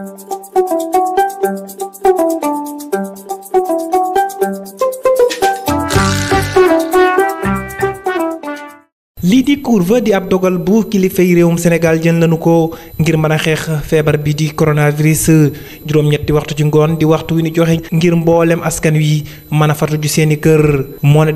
lii di couvre-feu di ab dogal bu kilifay réewum Sénégal jën lañu ko ngir mën a xeex feebar bi di coronavirus juróom-ñetti waxtu ci ngoon di waxtu wi ñu joxe ngir mboolem askan wi mën a fatu ju seeni kër moo ne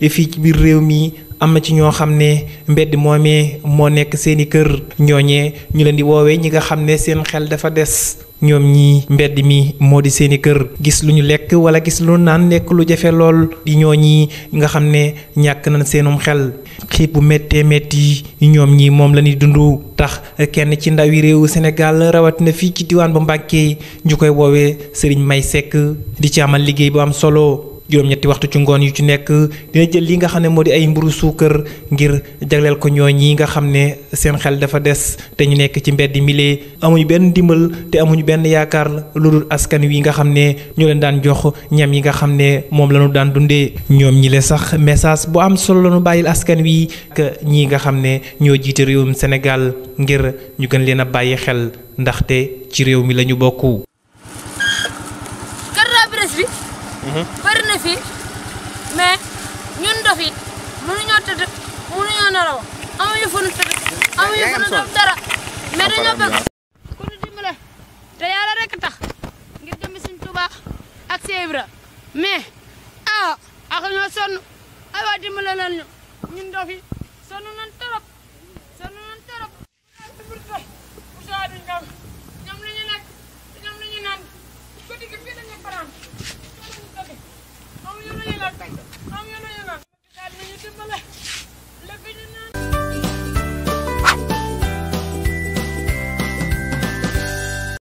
de fii ci biir réew mi. am na ci ñoo xam ne mbedd moomee moo nekk seen i kër ñooñee ñu leen di woowee ñi nga xam ne seen xel dafa des ñoom ñi mbedd mi moo di seen i kër gis lu ñu lekk wala gis lu naan nekk lu jafe lool di ñooñi nga xam ne ñàkk nañ seenum xel xiif bu méttee métti ñoom ñi moom la ñuy dund tax kenn ci ndawi réewu Sénégal rawatina fii ci diwaan bu Mbàkke ñu koy woowee Serigne May Seck di ci amal liggéey bu am solo. juróom-ñetti waxtu ci ngoon yu ci nekk dina jël li nga xam ne moo di ay mburu suukar ngir jagleel ko ñoo ñi nga xam ne seen xel dafa des te ñu nekk ci mbedd mile amuñu benn ndimbal te amuñu benn yaakaar lu dul askan wi nga xam ne ñoo leen daan jox ñam yi nga xam ne moom la ñu daan dundee ñoom ñi le sax message bu am solo la ñu bàyyil askan wi ak ñii nga xam ne ñoo jiite réewum Sénégal ngir ñu gën leen a bàyyi xel ndaxte ci réew mi lañu bokk bëri na fi mais ñun dof yi mënuñoo tëdd mënuñoo nelaw amuñu fu ñu tëdd amuñu fu ñu def dara dañoo bëgg ku ñu dimbale te yàlla tax ngir jëmmi suñ Tuubaa ak Seex Ibra mais ah ñoo sonn ay waa dimbale leen ñun dof yi sonn nañ Le vénénat